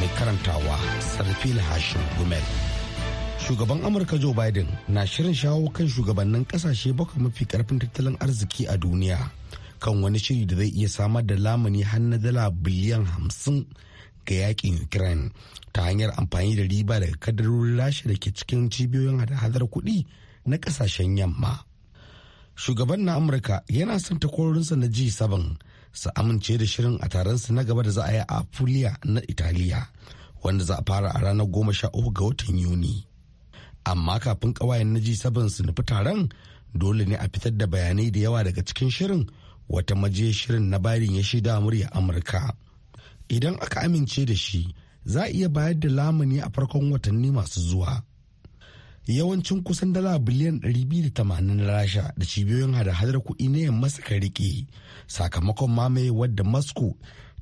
mai karantawa sarfil hashim gumel shugaban amurka joe biden na shirin shawo kan shugabannin kasashe bakwai mafi karfin tattalin arziki a duniya kan wani shiri da zai iya samar da lamuni hannu na dala biliyan hamsin ga yakin ukraine ta hanyar amfani da riba daga kadarorin rasha da ke cikin cibiyoyin hada-hadar kuɗi na kasashen yamma shugaban na amurka yana son takwarorinsa na g7 su amince da shirin a taron su na gaba da za a yi a Apulia na Italiya wanda za a fara a ranar goma sha uku ga watan Yuni. Amma kafin ƙawayen na G7 su nufi taron dole ne a fitar da bayanai da yawa daga cikin shirin wata maje shirin na Biden ya shaida murya Amurka. Idan aka amince da shi za a iya bayar da lamuni a farkon watanni masu zuwa. Yawancin kusan dala biliyan 280 na rasha da cibiyoyin hada-hadar kuɗi na yamma suka rike sakamakon mamaye wadda moscow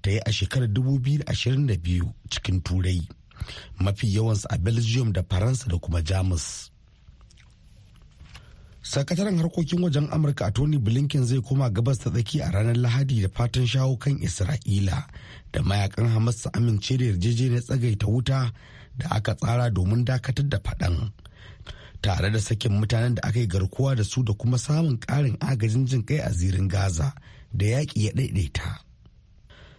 ta yi a shekarar 2022 cikin turai mafi yawansu a belgium da faransa da kuma jamus sakataren harkokin wajen amurka a tony blinken zai koma gabas ta tsaki a ranar lahadi da fatan shawo kan isra'ila da mayakan hamas su amince da yarjejeniyar tsagaita wuta da aka tsara domin dakatar da fadan tare da sakin mutanen da aka yi garkuwa da su da kuma samun karin agajin jin kai a zirin gaza da yaƙi ya ɗaiɗaita.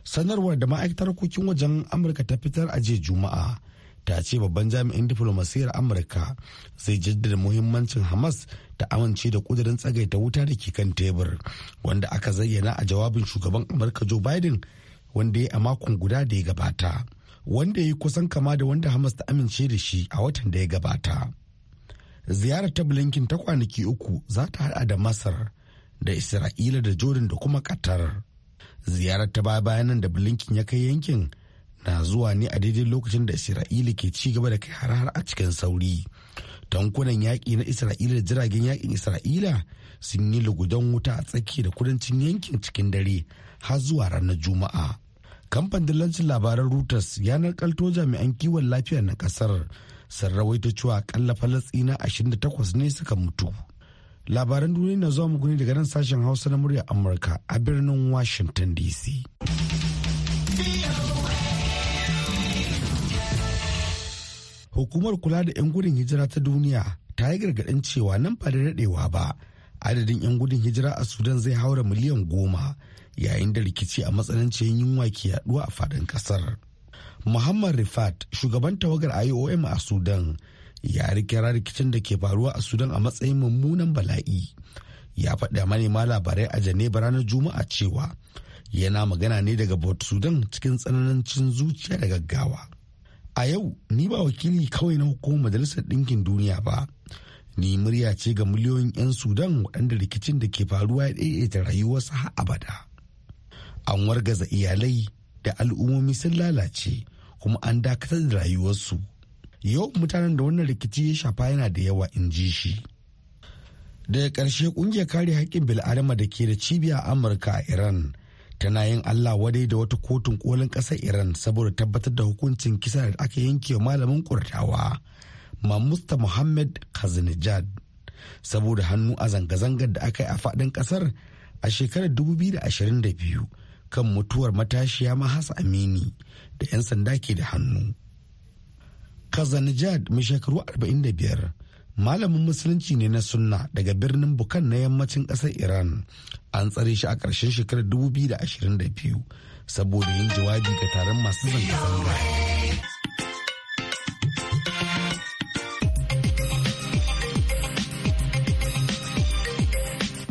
Sanarwar da ma'aikatar harkokin wajen Amurka ta fitar a jiya Juma'a ta ce babban jami'in diflomasiyyar Amurka zai jaddada muhimmancin Hamas ta amince da kudirin tsagaita wuta da ke kan tebur wanda aka zayyana a jawabin shugaban Amurka Joe Biden wanda ya a makon guda da ya gabata. Wanda ya yi kusan kama da wanda Hamas ta amince da shi a watan da ya gabata. ziyarar ta ta kwanaki uku za ta hada da masar da isra'ila da jordan da kuma qatar ziyarar ta baya bayanan da blinken ya kai yankin na zuwa ne a daidai lokacin da isra'ila ke ci gaba da kai har a cikin sauri tankunan yaƙi na isra'ila da jiragen yaƙin isra'ila sun yi lugudan wuta a tsaki da kudancin yankin cikin dare har zuwa ranar juma'a kamfan dillancin labaran reuters yanar kalto jami'an kiwon lafiya na kasar sun rawaito cewa akalla da 28 ne suka mutu labaran duniya na zuwa muku daga nan sashen hausa na murya amurka a birnin washington dc hukumar kula da 'yan gudun hijira ta duniya ta yi gargaɗin cewa nan ba da daɗewa ba adadin 'yan gudun hijira a sudan zai haura miliyan goma yayin da rikici a matsanancin yunwa ke yaduwa a faɗin ƙasar muhammad rifat shugaban tawagar iom a sudan ya rikira rikicin da ke faruwa a sudan a matsayin mummunan bala'i ya faɗa manema labarai a janeba ranar juma'a cewa yana magana ne daga bot sudan cikin cin zuciya da gaggawa a yau ni ba wakili kawai na hukumar majalisar ɗinkin duniya ba ni murya ce ga miliyoyin 'yan sudan waɗanda rikicin da ke faruwa ya ɗaiɗaita rayuwarsa har abada an wargaza iyalai da al'ummomi sun lalace kuma an dakatar da rayuwarsu yau mutanen da wannan rikici ya shafa yana da yawa in ji shi daga ƙarshe ƙungiyar kare haƙƙin bil'adama da ke da cibiya amurka a iran tana yin allah wadai da wata kotun kolin ƙasar iran saboda tabbatar da hukuncin kisa da aka yanke wa malamin kurtawa mamusta muhammad kazinijad saboda hannu a zanga-zangar da aka yi a faɗin ƙasar a shekarar 2022 kan mutuwar matashiya mahasa amini da 'yan sanda ke da hannu Kazanjad mai shekaru 45 malamin musulunci ne na sunna daga birnin Bukan na yammacin ƙasar Iran an tsare shi a ƙarshen shekarar 2022 saboda yin jawabi ga taron masu zanga-zanga.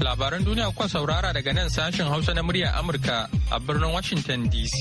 labaran duniya kuka saurara daga nan sashen hausa na murya amurka a birnin washington dc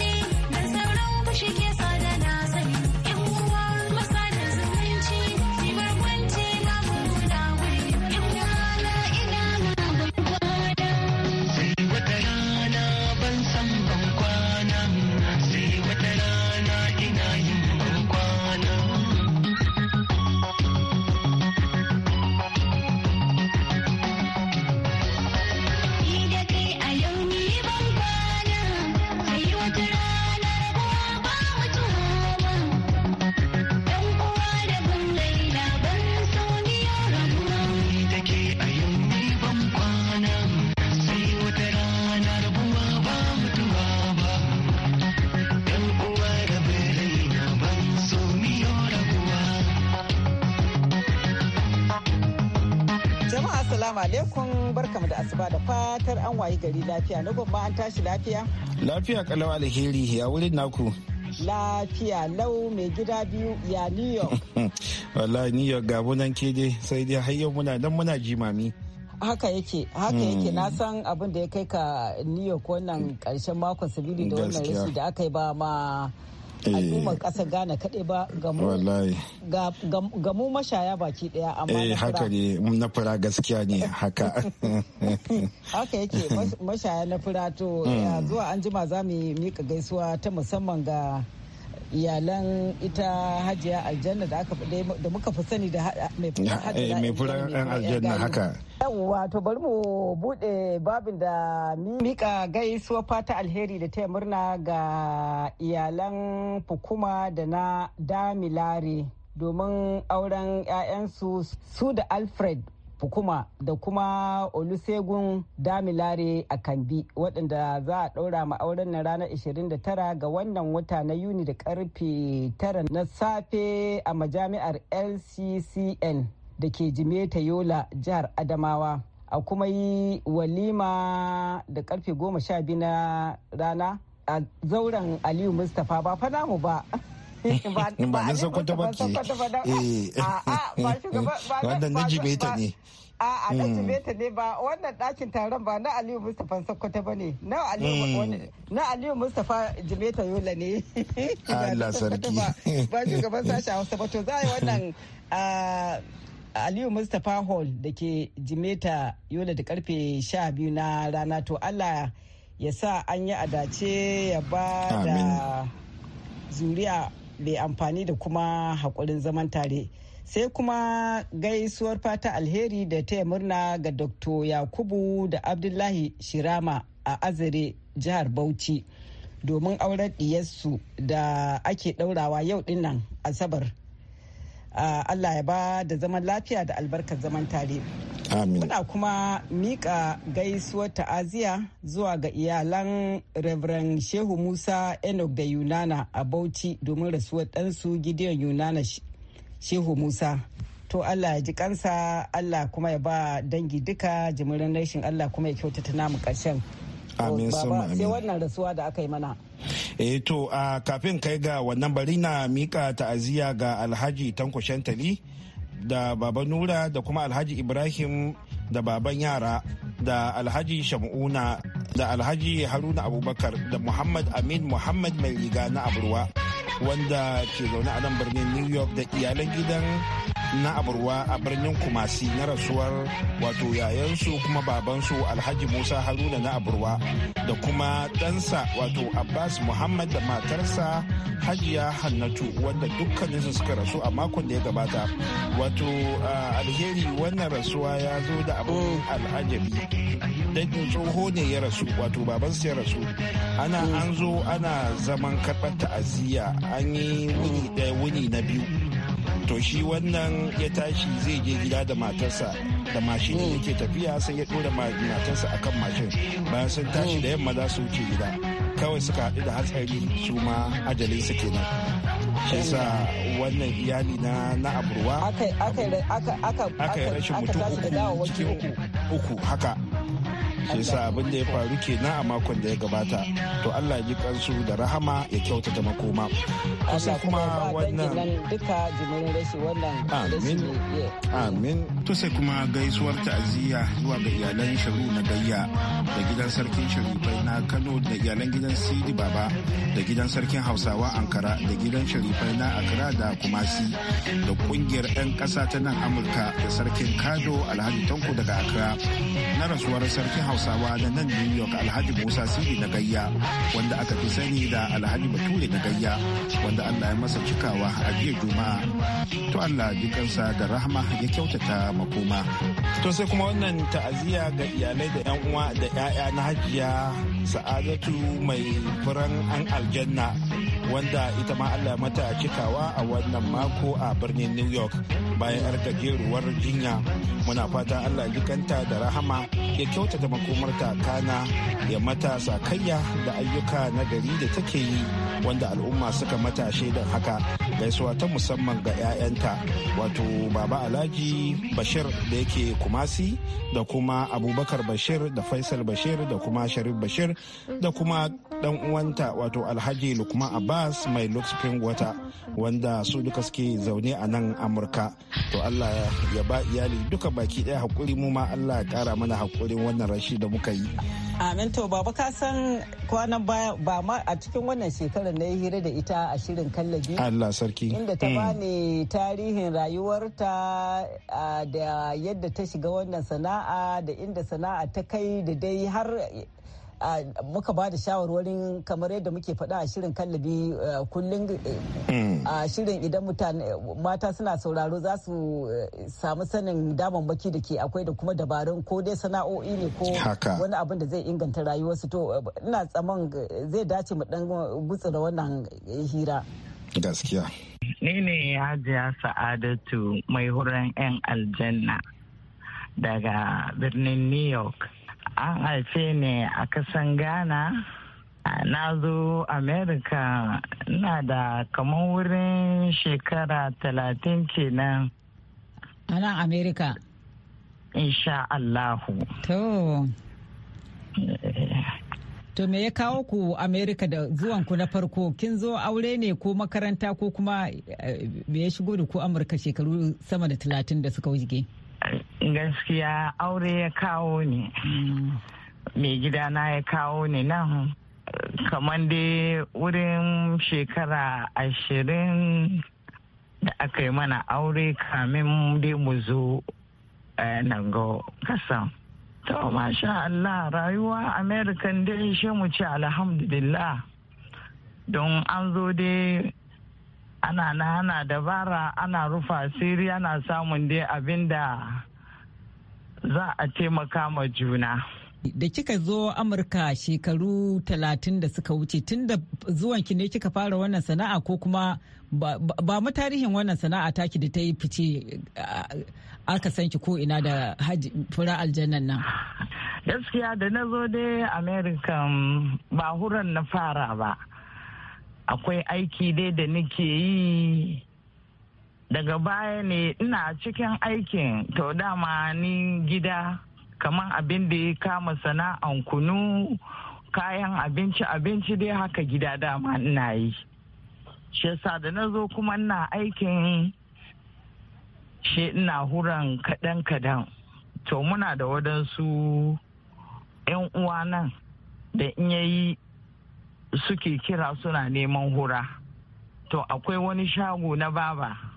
an wayi gari lafiya na gwamma an tashi lafiya lafiya kalawa alheri ya wurin naku lafiya lau mai gida biyu ya new york wallahi new york gabu nan ke sai dai har muna nan muna jimami haka yake haka yake hmm. na san abin da ya kai ka new york wannan karshen makon sabili da wannan rashi da aka yi ba ma Eh. al'ummar kasar Ghana kaɗai ba ga mu mashaya baki ɗaya amma eh haka ne na fura gaskiya ne haka haka yake mashaya na fura to hmm. zuwa an jima za mu yi mika gaisuwa ta musamman ga iyalan ita hajiya aljanna da aka da muka fi sani da mai fura dan eh, aljanna haka yawwa to bari mu bude babin da mika gaisuwa fata alheri da taya murna ga iyalan fukuma da na damilare domin auren 'ya'yansu su da alfred Fukuma da kuma Olusegun Damilare a Kambi waɗanda za a ɗaura ma auren na ranar 29 ga wannan wata na Yuni da karfe 9 na safe a majami'ar LCCN da ke Jimeta Yola jihar Adamawa. A kuma yi walima da karfe 12 na rana a zauren Aliyu Mustapha ba fa namu ba. ba na sokoto ba ke wannan na eh. jimeta ne a a na hmm. jimeta ne ba wannan ɗakin taron ba na aliyu mustapha sokoto ba ne na aliyu hmm. mustapha jimeta yola ne allah sarki ba shugaban sashen hausa ba to za a yi wannan ah, aliyu mustapha hall da ke jimeta yola da karfe sha biyu na rana to allah ya sa an yi adace ya ba da zuriya mai amfani da kuma haƙurin zaman tare sai kuma gaisuwar fata alheri da taya murna ga dr yakubu da abdullahi shirama a azare jihar bauchi domin auren ɗiyarsu da ake ɗaurawa yau dinnan asabar ah, allah ya ba da zaman lafiya da albarkar zaman tare Muna kuma mika gaisuwar ta'aziya zuwa ga iyalan Reverend Shehu Musa Enoch da Yunana a Bauchi domin rasuwar ɗansu Gideon Yunana Shehu Musa. To Allah ya ji kansa Allah kuma ya ba dangi duka jimirin rashin Allah kuma ya kyautata namu ƙarshen. Amin Sai wannan rasuwa da aka yi mana. eh to a kafin kai ga wannan bari na mika ta'aziyya ga alhaji tanko shantali da baba nura da kuma alhaji ibrahim da baban yara da alhaji shamuna da alhaji haruna abubakar da muhammad amin muhammad mai riga na aburwa wanda ke zaune a nan birnin new york da iyalan gidan na abarwa a birnin kumasi na rasuwar wato yayansu kuma babansu alhaji musa haruna na aburwa da kuma ɗansa wato abbas muhammad da matarsa hajiya hannatu wanda dukkaninsu suka rasu a makon da ya gabata wato alheri wannan rasuwa ya zo da abin al'ajabi dangin tsoho ne ya rasu wato ya rasu ana an zo ana zaman karɓar ta'aziyya an yi wuni ɗaya wuni na biyu to shi wannan ya tashi zai je gida da matarsa da mashin da yake tafiya sai ya dora matarsa akan mashin bayan sun tashi da yamma za su wuce gida kawai suka haɗu da hatsari su ma ajalin su kenan shi sa wannan iyali na na aburwa aka yi rashin mutum uku haka shi yasa abin da ya faru kenan a makon da ya gabata to Allah ya ji kansu da rahama ya kyautata makoma kusa kuma wannan duka jimin rashi wannan amin to sai kuma gaisuwar ta'aziyya zuwa ga iyalan sharu na gayya da gidan sarkin sharifai na Kano da iyalan gidan Sidi Baba da gidan sarkin Hausawa Ankara da gidan sharifai na Accra da Kumasi da kungiyar 'yan kasa ta nan Amurka da sarkin Kado Alhaji Tanko daga Accra na rasuwar sarkin hausawa na nan new york alhaji musa siri na gayya wanda aka fi sani da alhaji bature na gayya wanda allah ya masa cikawa a jiya juma'a to allah jikansa da rahama ya kyautata makoma to sai kuma wannan ta'aziyya ga iyalai da yan uwa da 'ya'ya na hajiya sa'adatu mai furan an aljanna wanda ita ma Allah mata cikawa a wannan mako a birnin New York bayan yar gajeruwar jinya. Muna fata Allah jikanta da rahama ya kyautata makomarta kana ya mata sakayya da ayyuka na gari da take yi wanda al'umma suka mata shaidan haka gaisuwa ta musamman ga 'ya'yanta wato baba alhaji bashir da yake kumasi da kuma abubakar bashir da faisal bashir da kuma sharif bashir da kuma dan uwanta wato alhaji lukman abbas mai spring water wanda su duka suke zaune a nan amurka to allah ya ba iyali duka baki daya hakuri mu ma allah ya kara mana hakurin wannan rashi da muka yi amin to baba ka san kwanan baya ba ma a cikin wannan shekarar na yi hira da ita a shirin kallabi allah sarki inda ta bani mm. tarihin rayuwarta da yadda ta shiga wannan sana'a da inda sana'a ta kai da dai har muka ba da shawarwarin kamar yadda muke faɗa a shirin kallabi eh, kullum eh, hmm. a shirin idan mata suna sauraro za su eh, samu sanin baki da ke akwai da kuma dabarun ko dai sana'o'i ne ko wani abin da zai inganta rayuwarsu to ina tsaman zai dace mu dan gutsura wannan hira gaskiya ni ne hajiya sa'adatu mai huran 'yan aljanna daga birnin new york an haife ni a kasan ghana na zo america na da kamar wurin shekara talatin kenan a america insha allahu to me ya kawo ku america da zuwanku na farko kin zo aure ne ko makaranta ko kuma eh, me ya shigo da ku amurka shekaru sama da talatin da suka wuce gaskiya aure ya kawo ne mai gidana ya kawo ne nan kamar dai wurin shekara ashirin da aka yi mana aure kamin dai mu zo eh, nan ga kasan to masha Allah rayuwa american dai shi mu ci alhamdulillah don an zo dai ana na ana dabara ana rufa siri ana samun dai abin da za a taimaka ma juna. Da kika zo Amurka shekaru talatin da suka wuce tun da zuwanki ne kika fara wannan sana'a ko kuma ba mu tarihin wannan sana'a taki da ta yi fice aka san ki ko ina da fura aljannan nan. Gaskiya da na zo dai Amerika mm, ba huran na fara ba. Akwai aiki dai da nake yi daga baya ne ina cikin aikin to dama ni gida kamar abin da ya kama sana'an kunu kayan abinci abinci dai haka gida dama ina yi shi yasa da na zo kuma ina aikin shi ina huran kaɗan kaɗan to muna da waɗansu 'yan uwa nan da in yayi suke kira suna neman hura to akwai wani shago na baba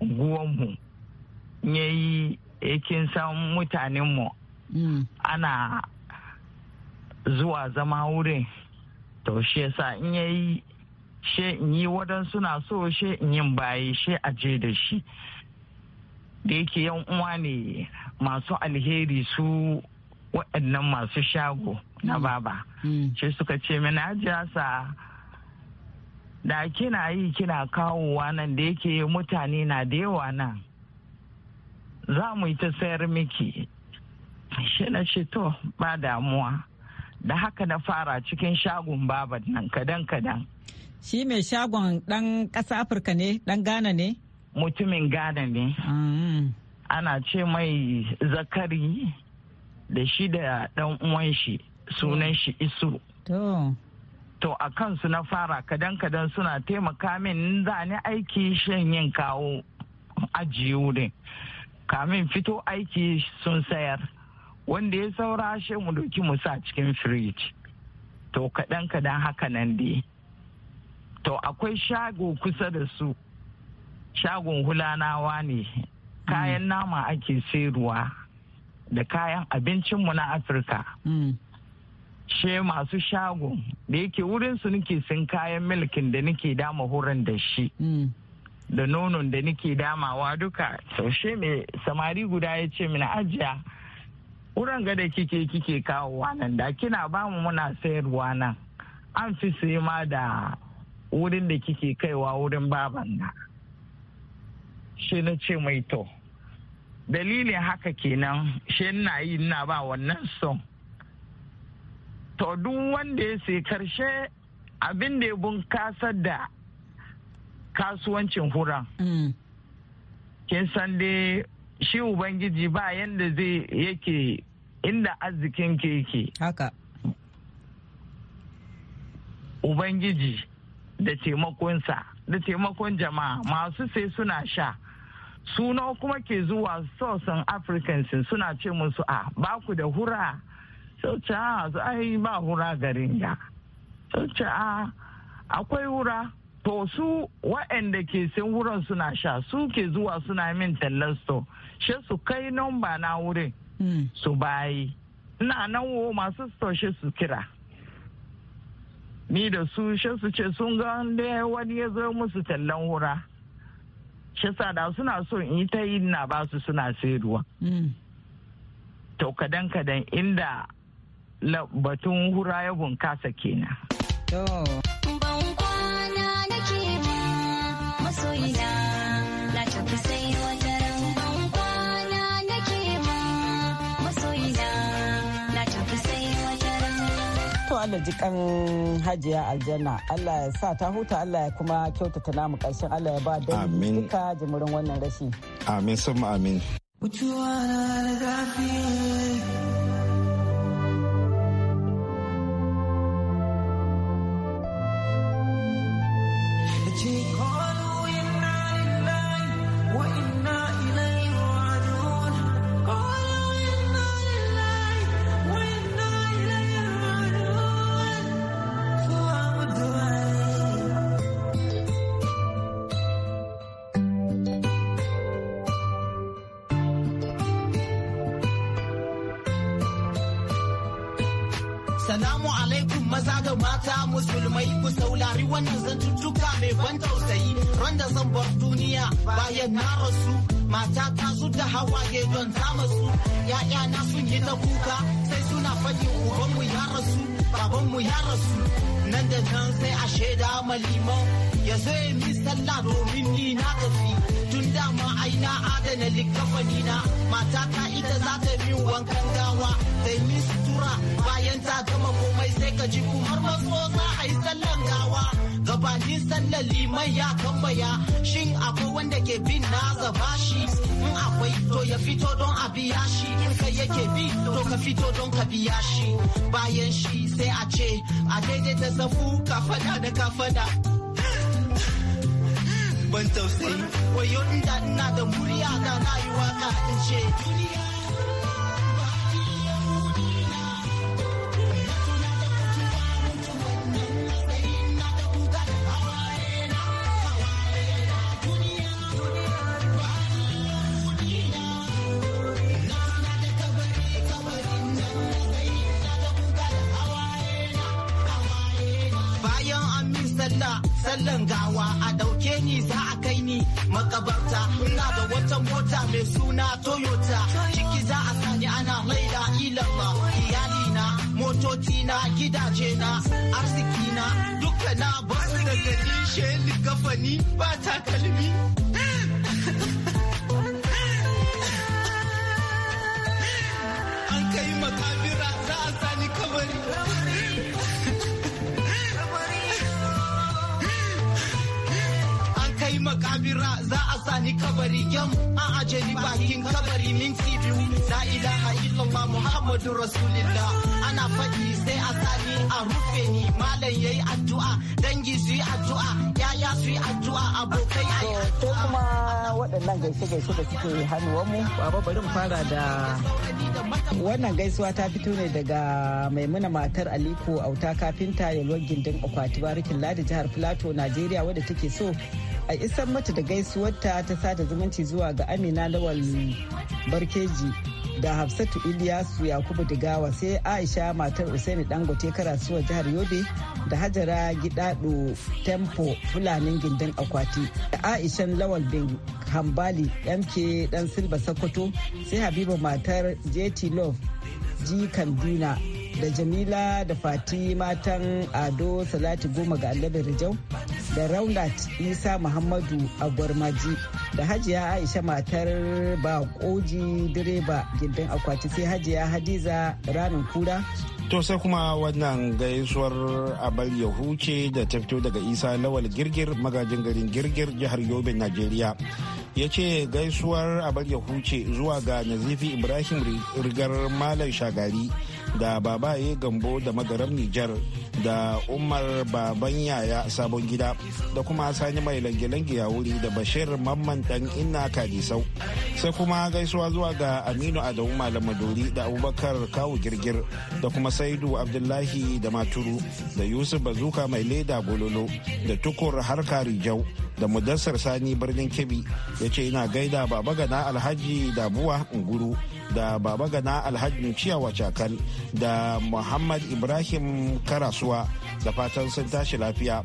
guwanmu ya yi yakin eh, san mutanenmu mm. ana zuwa zama wurin to shi yasa in ya yi she in yi waɗansu na so she in yin baye she a je da shi da yake yan uwa ne masu alheri su waɗannan masu shago na mm. baba mm. shi suka ce mina jasa da kina yi kina kawowa nan da yake mutane na da yawa na? za mu yi ta sayar miki shi na ce to ba damuwa da haka na fara cikin shagon babat nan kadan kadan shi mai shagon dan ƙasa afirka ne dan ghana ne mutumin ghana ne mm. ana ce mai zakari da shi da dan uwan shi sunan shi isu to a kansu na fara kadan-kadan suna taimaka min za ni aiki shan yin kawo ajiyu ne kamin fito aiki sun sayar wanda ya saura shi mu doki mu sa cikin firiji to kadan-kadan haka nan dai to akwai shago kusa da su shagon hulanawa ne kayan mm. nama ake sayarwa da kayan abincinmu na afirka mm. she masu shago da yake wurin su nake sun kayan milkin da nake dama horon da shi mm. da nonon da nake damawa duka saushe mai samari guda ya ce mina ajiya wurin gada kike kike kawowa nan da kina bamu muna sayarwa nan an fi sai ma da wurin da kike kaiwa wurin baban na shi na ce mai to dalilin haka kenan shi na yi na ba wannan son to duk wanda ya sai karshe abin da ya bunkasar da kasuwancin huran mm. kin san dai shi ubangiji ba yanda zai yake inda arzikin ke yake haka ubangiji da taimakonsa da taimakon jama'a masu sai suna sha suna kuma ke zuwa sosan africans suna ce musu a ah, baku da hura sauce a ai ba hura garin ya sauce akwai wura to su waɗanda ke sin wuran suna sha su ke zuwa suna min tallar store she su kai nomba na wurin hmm. su bayi ina nan wo masu store she su kira ni da su she su ce sun ga wani ya zo musu tallan wura shi da suna so in yi ta yi na basu suna sayarwa hmm. to kadan kadan inda batun hura ya bunkasa kenan. Ban kwana masoyina na jikan hajiya aljanna Allah ya sa ta huta Allah ya kuma kyautata namu karshen Allah ya ba da duka jimurin wannan rashi. Amin sun amin. Mutuwa na da mata musulmai ku saulari wannan zantuttuka mai ban tausayi randa zan bar duniya bayan na rasu mata ta da hawaye don ta matsu ya'ya na sun yi ta kuka sai suna faɗi ubanmu ya rasu babanmu ya rasu nan da nan sai a shaida maliman ya zo ya mi sallah domin ni na tafi tun dama ai na adana likafani na mata ta ita za ta min wankan gawa ta yi sutura bayan ta gama komai sai ka ji kuma matso za a yi sallan gawa gabanin sallan liman ya kambaya shin akwai wanda ke bin zaba bashi in akwai to ya fito don a biya shi in kai yake bi to ka fito don ka biya shi bayan shi sai a ce a daidai ta zafu ka fada da ka fada ban tausayi wayo inda ina da murya da na yi in ce duniya sallan gawa a dauke ni za a kai ni makabarta ina da wata mota mai suna toyota ciki za a sani ana laila ilama iyalina motocina gidajena arzikina duka na basu da ni sheli kafani ba takalmi makabira za a sani kabari yam a aje bakin kabari minti biyu la ilaha illallah muhammadu rasulillah ana faɗi sai a sani a rufe ni malam yayi addu'a dangi su yi addu'a yaya su yi addu'a abokai a yi addu'a kuma waɗannan gaishe-gaishe da suke mu baba bari mu fara da wannan gaisuwa ta fito ne daga maimuna matar aliko auta kafinta yalwar gindin akwati barikin ladi jihar filato najeriya wadda take so a isar mata da gaisuwarta ta sada zumunci zuwa ga amina lawal barkeji da hafsatu iliyasu yakubu digawa sai aisha matar usaini dangote karasuwa jihar yobe da hajara gidado tempo fulanin gindin akwati da aishan lawal bin hambali ɗan dan silba sokoto sai habiba matar jt love g kanduna da jamila da fati matan ado salati goma ga annabi rijau da raunat isa muhammadu a gwarmaji da hajiya aisha matar ba koji direba gindin akwati sai hajiya hadiza ranar kura to sai kuma wannan gaisuwar abal ya huce da ta fito daga isa lawal girgir magajin garin girgir jihar yobe nigeria ya ce gaisuwar abal ya zuwa ga nazifi ibrahim rigar malam shagari da babaye gambo da madarar nijar da umar baban yaya sabon gida da kuma sani mai lange-lange ya wuri da bashir mamman dan ina kadisau sai kuma gaisuwa zuwa ga aminu adamu malam maduri da abubakar kawu girgir da kuma saidu abdullahi da maturu da yusuf bazuka mai leda bololo da tukur harka rijau da mudassar sani birnin kebbi ya ce ina gaida baba gana alhaji da buwa unguru da baba gana alhaji ciyawa cakal da muhammad ibrahim karasuwa da fatan sun tashi lafiya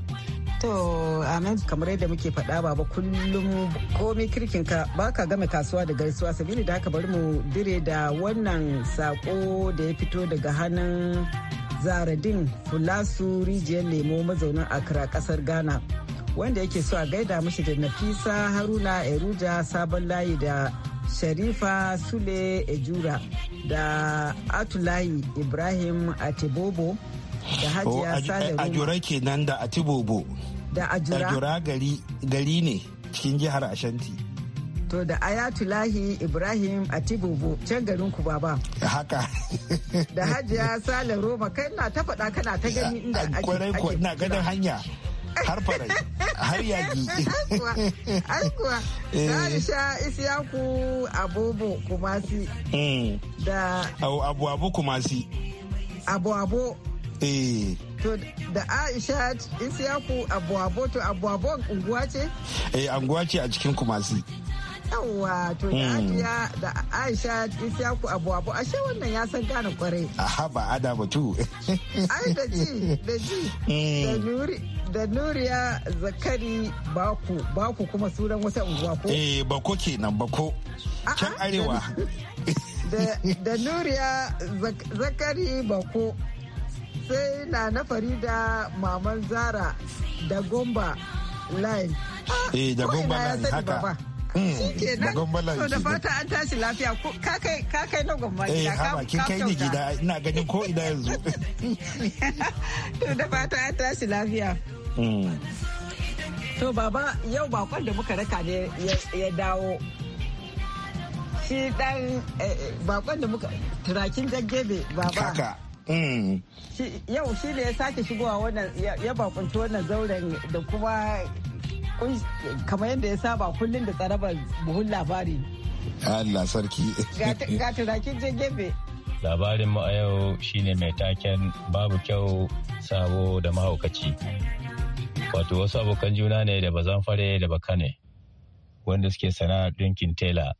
To Ahmed kamar yadda muke faɗa baba kullum komai kirkinka ba ka game kasuwa da gaisuwa sabili da haka bari mu dire da wannan sako da ya fito daga hannun zaradin fulasu rijiyar lemo mazaunin akra kasar Ghana wanda yake so a gaida mishi da Nafisa Haruna Eruja sabon layi da sharifa sule ejura da atulayi ibrahim Atibobo. da hajiya oh, sale eh, ajura nan da Atibobo. da ajura, ajura gari, gari ne cikin jihar ashanti to da ayatulahi ibrahim Atibobo can garin ku baba haka da hajiya sale roma kai na ta faɗa kana ta gani inda ake kwarai hanya har fara har yaki aikuwa sha kumasi hmm. da abu abu kumasi abu abu eh to da aisha isyaku abu abu to abu abu unguwa ce eh unguwa ce a cikin kumasi Yawwa to da hmm. ajiya da Aisha ku Abu Abu ashe wannan ya san gane kwarai. A haba ada batu. Ai da ji da ji hmm. da nuri da Nuriya Zakari Baku Baku kuma sunan wata unguwa ko? Eh Bako kenan Bako. Can arewa. Da Nuriya Zakari Bako sai na na Farida Maman Zara da Gomba Line. Eh da Gomba Line haka. da gwamnati eh, to da fata an tashi lafiya ka kai na gwamnati gida ka kin kai ni gida ina ganin ko ina yanzu to da fata an tashi lafiya to baba yau bakon da muka raka ne ya dawo shi dan eh, eh, bakon da muka turakin jaggebe baba hmm. yau shi ne ya sake shigowa wannan ya bakunta wannan zauren da kuma kamar yadda ya saba kullum da tsarabar buhun labari. Allah sarki. Ga turakin je gefe. Labarin mu a yau shine mai taken babu kyau sabo da mahaukaci. Wato wasu abokan juna ne da bazan fare da baka ne wanda suke sana'ar ɗinkin tela.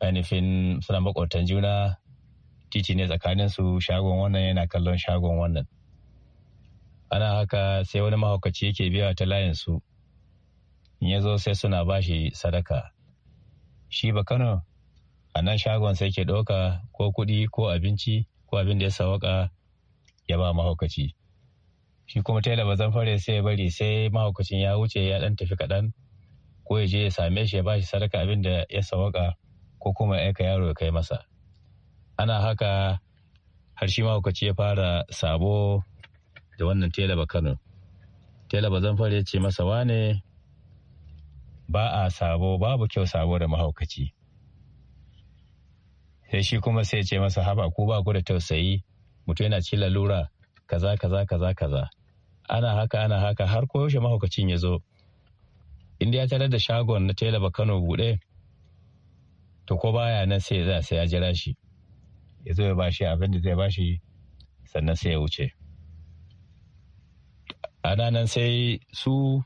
Ainihin suna makwabtan juna titi ne tsakanin su shagon wannan yana kallon shagon wannan. Ana haka sai wani mahaukaci yake biya ta layinsu. su in ya zo sai suna ba shi sadaka shi ba kano a nan shagon sai ke ɗauka ko kuɗi ko abinci ko abin da ya sawaka ya ba mahaukaci shi kuma tela ba zan fare sai ya bari sai mahaukacin ya wuce ya ɗan tafi kaɗan ko ya je ya same shi ya ba shi sadaka abin da ya sawaka ko kuma ya aika yaro ya kai masa ana haka har shi mahaukaci ya fara sabo da wannan tela ba kano tela ba zan ya ce masa wane ba a sabo babu kyau sabo da mahaukaci sai shi kuma sai ce masa haba ko ba ku da tausayi mutum yana ci lalura kaza kaza kaza kaza ana haka ana haka har ko yaushe mahaukacin ya zo inda ya tarar da shagon na tela kano buɗe to ko baya nan sai za sai ya jira shi ya zo ya bashi abin da zai bashi sannan sai ya wuce ana nan sai su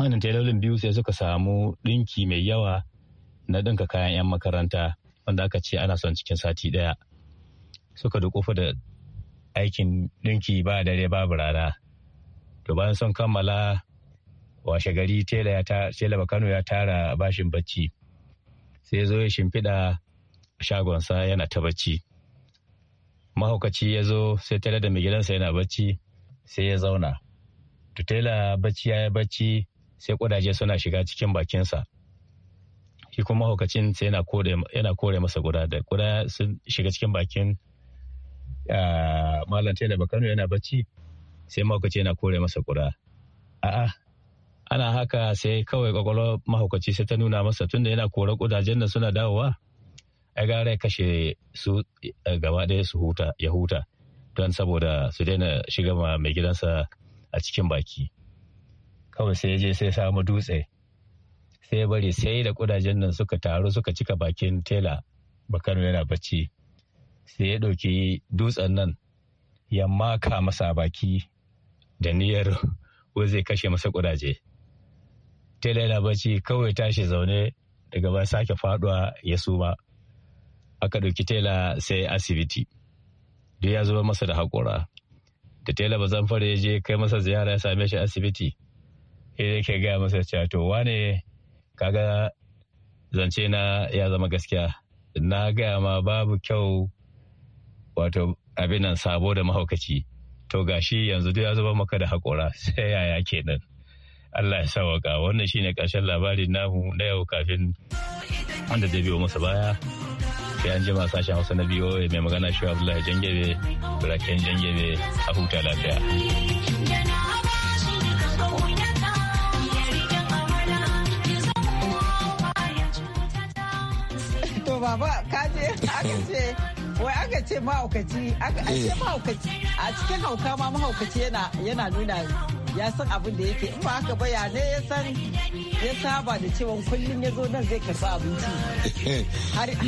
wannan tailolin biyu sai suka samu ɗinki mai yawa na ɗinka kayan 'yan makaranta wanda aka ce ana son cikin sati ɗaya suka dukufa da aikin ɗinki ba dare babu rana to bayan sun kammala washe gari tela Kano ya tara bashin bacci sai zo ya shimfiɗa shagonsa yana ta bacci mahaukaci ya zo sai tare da mai gidansa yana bacci sai ya zauna tutela bacci ya yi bacci sai kudaje suna shiga cikin bakinsa shi kuma hukacin sai yana kore masa guda da guda sun shiga cikin bakin malam da bakano yana bacci sai mahaukaci yana kore masa guda a'a ana haka sai kawai kwakwalwar mahaukaci sai ta nuna masa tunda yana kore kudajen da suna dawowa ya gara ya kashe su eh, gaba ɗaya su huta ya huta don saboda su daina shiga ma mai gidansa a cikin baki kawai sai je sai samu dutse sai bari sai da kudajen nan suka taru suka cika bakin tela bakano yana bacci sai ya ɗauki dutsen nan ya maka masa baki da niyyar ko zai kashe masa kudaje tela yana bacci kawai tashi zaune daga ba sake faduwa ya suma aka ɗauki tela sai asibiti duk ya zuba masa da haƙura da tela ba zan fara ya je kai masa ziyara ya same shi asibiti sai yake gaya masa cewa to wane kaga zance na ya zama gaskiya na gaya ma babu kyau wato abin sabo da mahaukaci to gashi yanzu duk ya zuba maka da haƙora sai yaya kenan Allah ya sawaka wannan shine ƙarshen labarin namu na yau kafin wanda zai biyo masa baya sai an jima sashen hausa na biyo mai magana shi abdullahi jangebe buraken jangebe a huta lafiya. baba kaje aka ce wai aka ce mahaukaci a cikin hauka ma mahaukaci yana nuna ya san abin da yake in ba haka ba ya ne ya san ya saba da cewa kullum ya zo nan zai karɓi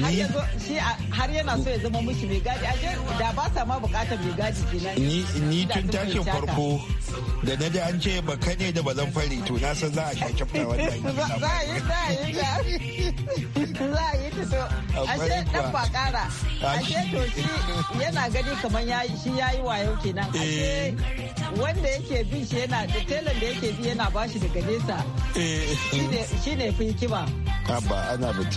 abinci har yana so ya zama mishi mai gadi a da ba sa ma bukatar mai gadi kenan ni tun takin farko da na ji an ce ba ka ne da zan fari to na san za a sha kyafta wannan za a yi za a yi za a yi ta ashe dan ba kara ashe to shi yana gani kamar shi yayi wayo kenan eh. ashe wanda yake bin shi yana da telan da yake bi yana bashi daga nesa eh. shi ne fi kiba Abba ana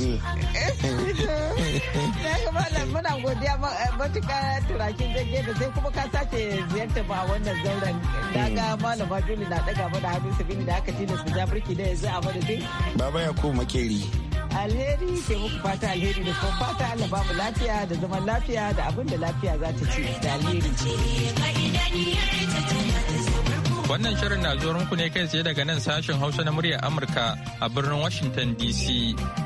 kuma muna godiya eh, matuka turakin jirgin da sai kuma ka sake ziyarta ba wannan zauren. Na ga hmm. malama Juli na ɗaga mana hannun sabini da aka tilas da birki da yanzu a madadin. Baba ya ko makeri. alheri ke muku fata alheri da kuma fata Allah ba mu lafiya da zaman lafiya da abin da lafiya za ta ci da alheri. Wannan shirin na zuwa muku ne kai tsaye daga nan sashen Hausa na muryar Amurka a birnin Washington DC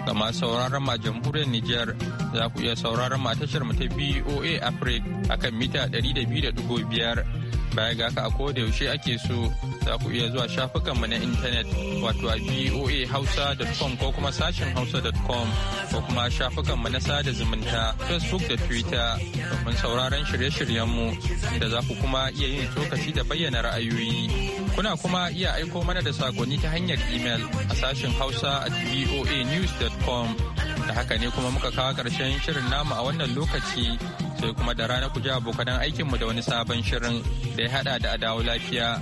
ga masu sauraron ma jamhuriyar Nijar za ku iya sauraron ma tashar mu ta BOA Africa akan mita 200.5 baya ga haka a koda yaushe ake so za ku iya zuwa shafukanmu na intanet wato a voa hausa.com ko kuma sashen hausa.com ko kuma shafukanmu na sada zumunta facebook da twitter domin sauraron shirye-shiryenmu da za ku kuma iya yin tokaci da bayyana ra'ayoyi kuna kuma iya aiko mana da sakonni ta hanyar email a sashen hausa at voanews.com da haka ne kuma muka kawo ƙarshen shirin namu a wannan lokaci sai kuma da rana ku ji abokan aikinmu da wani sabon shirin da ya hada da adawo lafiya